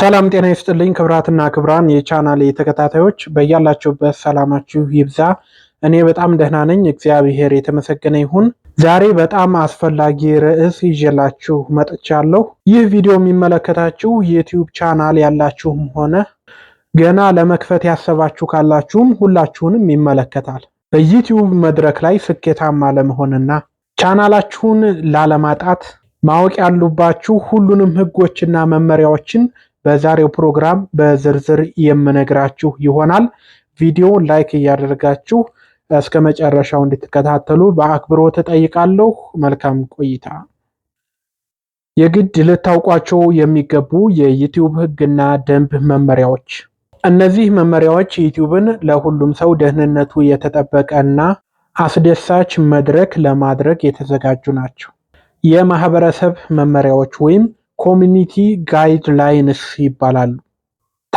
ሰላም ጤና ይስጥልኝ። ክብራትና ክብራን የቻናል ተከታታዮች በያላችሁበት ሰላማችሁ ይብዛ። እኔ በጣም ደህና ነኝ፣ እግዚአብሔር የተመሰገነ ይሁን። ዛሬ በጣም አስፈላጊ ርዕስ ይዤላችሁ መጥቻለሁ። ይህ ቪዲዮ የሚመለከታችሁ የዩትዩብ ቻናል ያላችሁም ሆነ ገና ለመክፈት ያሰባችሁ ካላችሁም ሁላችሁንም ይመለከታል። በዩትዩብ መድረክ ላይ ስኬታማ ለመሆንና ቻናላችሁን ላለማጣት ማወቅ ያሉባችሁ ሁሉንም ህጎችና መመሪያዎችን በዛሬው ፕሮግራም በዝርዝር የምነግራችሁ ይሆናል። ቪዲዮውን ላይክ እያደረጋችሁ እስከ መጨረሻው እንድትከታተሉ በአክብሮት እጠይቃለሁ። መልካም ቆይታ። የግድ ልታውቋቸው የሚገቡ የዩቲዩብ ህግና ደንብ መመሪያዎች። እነዚህ መመሪያዎች ዩቲዩብን ለሁሉም ሰው ደህንነቱ የተጠበቀና አስደሳች መድረክ ለማድረግ የተዘጋጁ ናቸው። የማህበረሰብ መመሪያዎች ወይም ኮሚኒቲ ጋይድላይንስ ይባላሉ።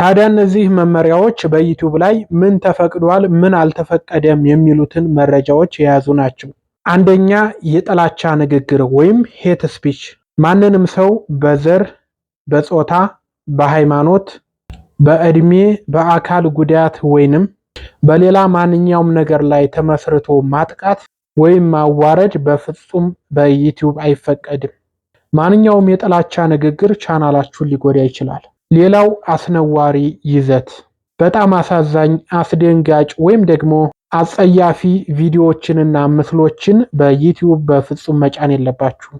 ታዲያ እነዚህ መመሪያዎች በዩቲዩብ ላይ ምን ተፈቅዷል፣ ምን አልተፈቀደም የሚሉትን መረጃዎች የያዙ ናቸው። አንደኛ የጥላቻ ንግግር ወይም ሄት ስፒች፣ ማንንም ሰው በዘር፣ በጾታ፣ በሃይማኖት፣ በእድሜ፣ በአካል ጉዳት ወይንም በሌላ ማንኛውም ነገር ላይ ተመስርቶ ማጥቃት ወይም ማዋረድ በፍጹም በዩቲዩብ አይፈቀድም። ማንኛውም የጥላቻ ንግግር ቻናላችሁን ሊጎዳ ይችላል። ሌላው አስነዋሪ ይዘት በጣም አሳዛኝ፣ አስደንጋጭ ወይም ደግሞ አጸያፊ ቪዲዮዎችንና ምስሎችን በዩቲዩብ በፍጹም መጫን የለባችሁ።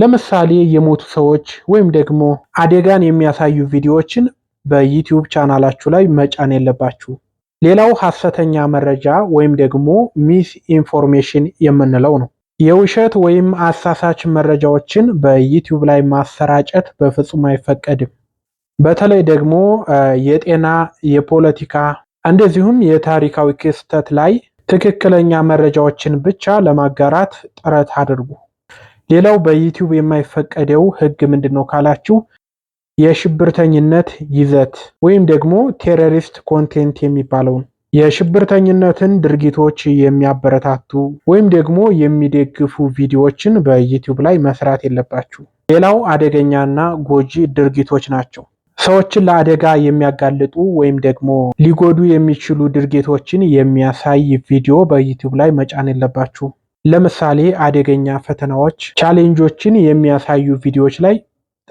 ለምሳሌ የሞቱ ሰዎች ወይም ደግሞ አደጋን የሚያሳዩ ቪዲዮዎችን በዩቲዩብ ቻናላችሁ ላይ መጫን የለባችሁ። ሌላው ሐሰተኛ መረጃ ወይም ደግሞ ሚስ ኢንፎርሜሽን የምንለው ነው። የውሸት ወይም አሳሳች መረጃዎችን በዩቲዩብ ላይ ማሰራጨት በፍጹም አይፈቀድም። በተለይ ደግሞ የጤና፣ የፖለቲካ እንደዚሁም የታሪካዊ ክስተት ላይ ትክክለኛ መረጃዎችን ብቻ ለማጋራት ጥረት አድርጉ። ሌላው በዩቲዩብ የማይፈቀደው ህግ ምንድን ነው ካላችሁ የሽብርተኝነት ይዘት ወይም ደግሞ ቴሮሪስት ኮንቴንት የሚባለውን የሽብርተኝነትን ድርጊቶች የሚያበረታቱ ወይም ደግሞ የሚደግፉ ቪዲዮዎችን በዩቲዩብ ላይ መስራት የለባችሁ። ሌላው አደገኛና ጎጂ ድርጊቶች ናቸው። ሰዎችን ለአደጋ የሚያጋልጡ ወይም ደግሞ ሊጎዱ የሚችሉ ድርጊቶችን የሚያሳይ ቪዲዮ በዩቲዩብ ላይ መጫን የለባችሁ። ለምሳሌ አደገኛ ፈተናዎች፣ ቻሌንጆችን የሚያሳዩ ቪዲዮዎች ላይ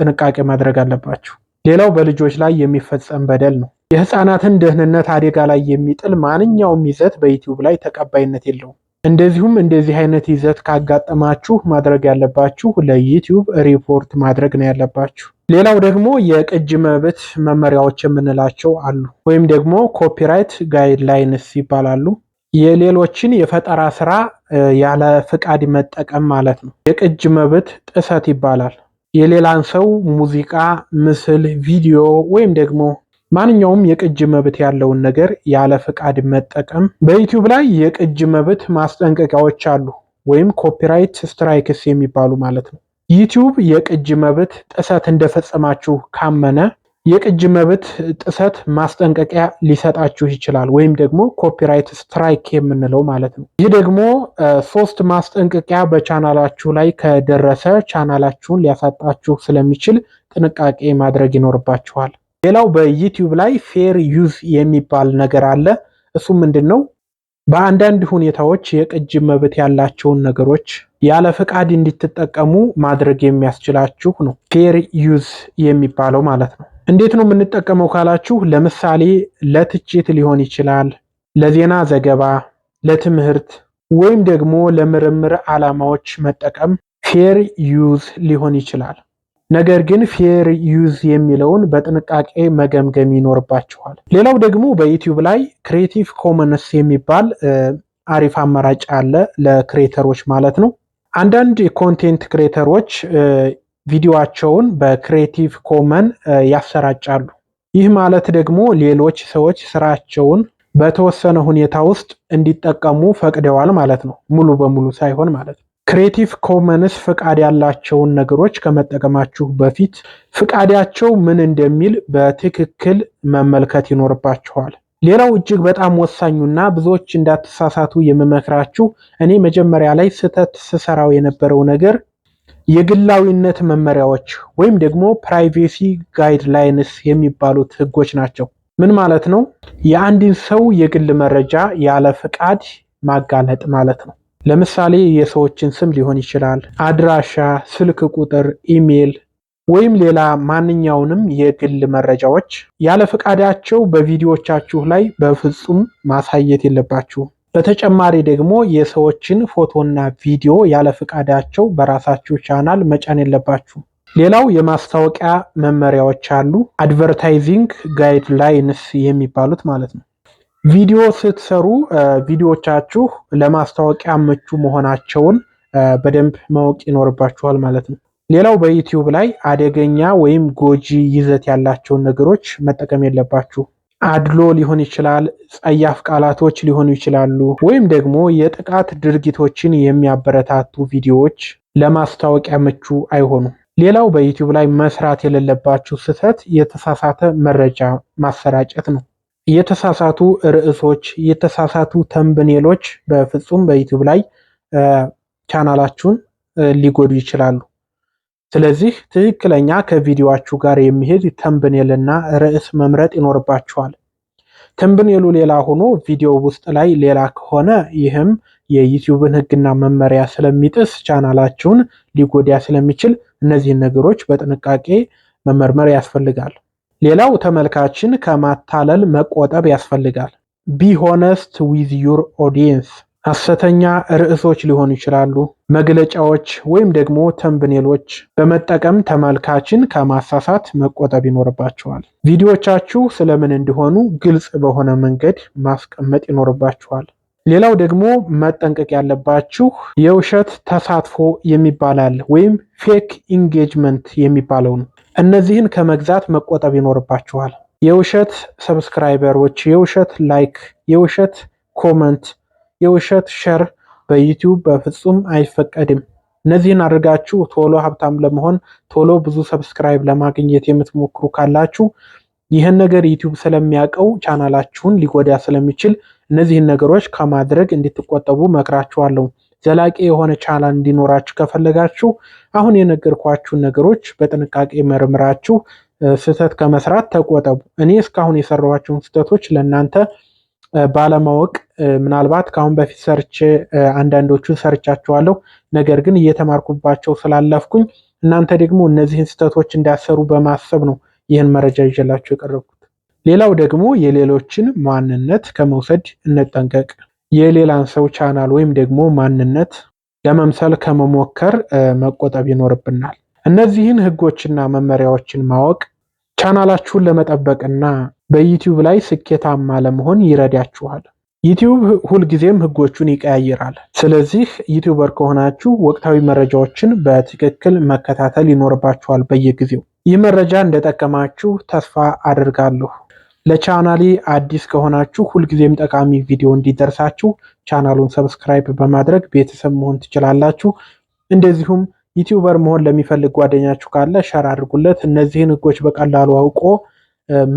ጥንቃቄ ማድረግ አለባችሁ። ሌላው በልጆች ላይ የሚፈጸም በደል ነው። የህፃናትን ደህንነት አደጋ ላይ የሚጥል ማንኛውም ይዘት በዩቲዩብ ላይ ተቀባይነት የለውም። እንደዚሁም እንደዚህ አይነት ይዘት ካጋጠማችሁ ማድረግ ያለባችሁ ለዩቲዩብ ሪፖርት ማድረግ ነው ያለባችሁ። ሌላው ደግሞ የቅጂ መብት መመሪያዎች የምንላቸው አሉ፣ ወይም ደግሞ ኮፒራይት ጋይድላይንስ ይባላሉ። የሌሎችን የፈጠራ ስራ ያለ ፍቃድ መጠቀም ማለት ነው። የቅጂ መብት ጥሰት ይባላል። የሌላን ሰው ሙዚቃ፣ ምስል፣ ቪዲዮ ወይም ደግሞ ማንኛውም የቅጅ መብት ያለውን ነገር ያለ ፈቃድ መጠቀም። በዩቲዩብ ላይ የቅጅ መብት ማስጠንቀቂያዎች አሉ፣ ወይም ኮፒራይት ስትራይክስ የሚባሉ ማለት ነው። ዩቲዩብ የቅጅ መብት ጥሰት እንደፈጸማችሁ ካመነ የቅጅ መብት ጥሰት ማስጠንቀቂያ ሊሰጣችሁ ይችላል፣ ወይም ደግሞ ኮፒራይት ስትራይክ የምንለው ማለት ነው። ይህ ደግሞ ሶስት ማስጠንቀቂያ በቻናላችሁ ላይ ከደረሰ ቻናላችሁን ሊያሳጣችሁ ስለሚችል ጥንቃቄ ማድረግ ይኖርባችኋል። ሌላው በዩቲዩብ ላይ ፌር ዩዝ የሚባል ነገር አለ። እሱ ምንድን ነው? በአንዳንድ ሁኔታዎች የቅጅ መብት ያላቸውን ነገሮች ያለ ፈቃድ እንድትጠቀሙ ማድረግ የሚያስችላችሁ ነው። ፌር ዩዝ የሚባለው ማለት ነው። እንዴት ነው የምንጠቀመው ካላችሁ፣ ለምሳሌ ለትችት ሊሆን ይችላል፣ ለዜና ዘገባ፣ ለትምህርት ወይም ደግሞ ለምርምር ዓላማዎች መጠቀም ፌር ዩዝ ሊሆን ይችላል። ነገር ግን ፌር ዩዝ የሚለውን በጥንቃቄ መገምገም ይኖርባችኋል። ሌላው ደግሞ በዩቲዩብ ላይ ክሬቲቭ ኮመንስ የሚባል አሪፍ አማራጭ አለ ለክሬተሮች ማለት ነው። አንዳንድ የኮንቴንት ክሬተሮች ቪዲዮቸውን በክሬቲቭ ኮመን ያሰራጫሉ። ይህ ማለት ደግሞ ሌሎች ሰዎች ስራቸውን በተወሰነ ሁኔታ ውስጥ እንዲጠቀሙ ፈቅደዋል ማለት ነው። ሙሉ በሙሉ ሳይሆን ማለት ነው። ክሬቲቭ ኮመንስ ፍቃድ ያላቸውን ነገሮች ከመጠቀማችሁ በፊት ፍቃዳቸው ምን እንደሚል በትክክል መመልከት ይኖርባችኋል። ሌላው እጅግ በጣም ወሳኙና ብዙዎች እንዳትሳሳቱ የምመክራችሁ እኔ መጀመሪያ ላይ ስህተት ስሰራው የነበረው ነገር የግላዊነት መመሪያዎች ወይም ደግሞ ፕራይቬሲ ጋይድላይንስ የሚባሉት ህጎች ናቸው። ምን ማለት ነው? የአንድን ሰው የግል መረጃ ያለ ፍቃድ ማጋለጥ ማለት ነው። ለምሳሌ የሰዎችን ስም ሊሆን ይችላል፣ አድራሻ፣ ስልክ ቁጥር፣ ኢሜይል ወይም ሌላ ማንኛውንም የግል መረጃዎች ያለ ፈቃዳቸው በቪዲዮቻችሁ ላይ በፍጹም ማሳየት የለባችሁ። በተጨማሪ ደግሞ የሰዎችን ፎቶና ቪዲዮ ያለ ፈቃዳቸው በራሳችሁ ቻናል መጫን የለባችሁ። ሌላው የማስታወቂያ መመሪያዎች አሉ፣ አድቨርታይዚንግ ጋይድላይንስ የሚባሉት ማለት ነው። ቪዲዮ ስትሰሩ ቪዲዮቻችሁ ለማስታወቂያ ምቹ መሆናቸውን በደንብ ማወቅ ይኖርባችኋል ማለት ነው። ሌላው በዩቲዩብ ላይ አደገኛ ወይም ጎጂ ይዘት ያላቸውን ነገሮች መጠቀም የለባችሁ። አድሎ ሊሆን ይችላል፣ ጸያፍ ቃላቶች ሊሆኑ ይችላሉ፣ ወይም ደግሞ የጥቃት ድርጊቶችን የሚያበረታቱ ቪዲዮዎች ለማስታወቂያ ምቹ አይሆኑም። ሌላው በዩቲዩብ ላይ መስራት የሌለባችሁ ስህተት የተሳሳተ መረጃ ማሰራጨት ነው። የተሳሳቱ ርዕሶች፣ የተሳሳቱ ተንብኔሎች በፍጹም በዩቲዩብ ላይ ቻናላችሁን ሊጎዱ ይችላሉ። ስለዚህ ትክክለኛ ከቪዲዮአችሁ ጋር የሚሄድ ተንብኔልና ርዕስ መምረጥ ይኖርባችኋል። ተንብኔሉ ሌላ ሆኖ ቪዲዮ ውስጥ ላይ ሌላ ከሆነ ይህም የዩቲዩብን ሕግና መመሪያ ስለሚጥስ ቻናላችሁን ሊጎዳ ስለሚችል እነዚህን ነገሮች በጥንቃቄ መመርመር ያስፈልጋል። ሌላው ተመልካችን ከማታለል መቆጠብ ያስፈልጋል። ቢ ሆነስት ዊዝ ዩር ኦዲየንስ። ሐሰተኛ ርዕሶች ሊሆኑ ይችላሉ፣ መግለጫዎች ወይም ደግሞ ተምብኔሎች በመጠቀም ተመልካችን ከማሳሳት መቆጠብ ይኖርባቸዋል። ቪዲዮዎቻችሁ ስለምን እንዲሆኑ ግልጽ በሆነ መንገድ ማስቀመጥ ይኖርባችኋል። ሌላው ደግሞ መጠንቀቅ ያለባችሁ የውሸት ተሳትፎ የሚባላል ወይም ፌክ ኢንጌጅመንት የሚባለው ነው። እነዚህን ከመግዛት መቆጠብ ይኖርባችኋል። የውሸት ሰብስክራይበሮች፣ የውሸት ላይክ፣ የውሸት ኮመንት፣ የውሸት ሸር በዩቲዩብ በፍጹም አይፈቀድም። እነዚህን አድርጋችሁ ቶሎ ሀብታም ለመሆን ቶሎ ብዙ ሰብስክራይብ ለማግኘት የምትሞክሩ ካላችሁ ይህን ነገር ዩቲዩብ ስለሚያውቀው ቻናላችሁን ሊጎዳ ስለሚችል እነዚህን ነገሮች ከማድረግ እንድትቆጠቡ መክራችኋለሁ። ዘላቂ የሆነ ቻላ እንዲኖራችሁ ከፈለጋችሁ አሁን የነገርኳችሁን ነገሮች በጥንቃቄ መርምራችሁ ስህተት ከመስራት ተቆጠቡ። እኔ እስካሁን የሰራኋቸውን ስህተቶች ለእናንተ ባለማወቅ ምናልባት ከአሁን በፊት ሰርች አንዳንዶቹን ሰርቻችኋለሁ፣ ነገር ግን እየተማርኩባቸው ስላለፍኩኝ እናንተ ደግሞ እነዚህን ስህተቶች እንዳሰሩ በማሰብ ነው ይህን መረጃ ይዤላችሁ የቀረብኩት። ሌላው ደግሞ የሌሎችን ማንነት ከመውሰድ እንጠንቀቅ። የሌላን ሰው ቻናል ወይም ደግሞ ማንነት ለመምሰል ከመሞከር መቆጠብ ይኖርብናል። እነዚህን ህጎችና መመሪያዎችን ማወቅ ቻናላችሁን ለመጠበቅና በዩቲዩብ ላይ ስኬታማ ለመሆን ይረዳችኋል። ዩቲዩብ ሁልጊዜም ህጎቹን ይቀያይራል። ስለዚህ ዩቲዩበር ከሆናችሁ ወቅታዊ መረጃዎችን በትክክል መከታተል ይኖርባችኋል በየጊዜው። ይህ መረጃ እንደጠቀማችሁ ተስፋ አድርጋለሁ። ለቻናሌ አዲስ ከሆናችሁ ሁልጊዜም ጠቃሚ ቪዲዮ እንዲደርሳችሁ ቻናሉን ሰብስክራይብ በማድረግ ቤተሰብ መሆን ትችላላችሁ። እንደዚሁም ዩቲዩበር መሆን ለሚፈልግ ጓደኛችሁ ካለ ሸር አድርጉለት። እነዚህን ህጎች በቀላሉ አውቆ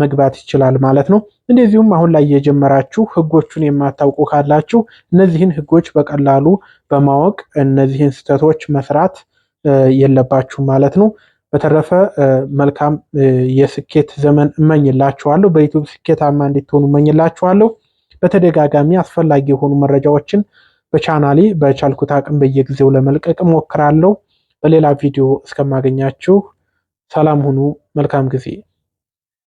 መግባት ይችላል ማለት ነው። እንደዚሁም አሁን ላይ የጀመራችሁ ህጎቹን የማታውቁ ካላችሁ እነዚህን ህጎች በቀላሉ በማወቅ እነዚህን ስህተቶች መስራት የለባችሁ ማለት ነው። በተረፈ መልካም የስኬት ዘመን እመኝላችኋለሁ። በዩቲዩብ ስኬታማ እንድትሆኑ እመኝላችኋለሁ። በተደጋጋሚ አስፈላጊ የሆኑ መረጃዎችን በቻናሌ በቻልኩት አቅም በየጊዜው ለመልቀቅ እሞክራለሁ። በሌላ ቪዲዮ እስከማገኛችሁ ሰላም ሁኑ። መልካም ጊዜ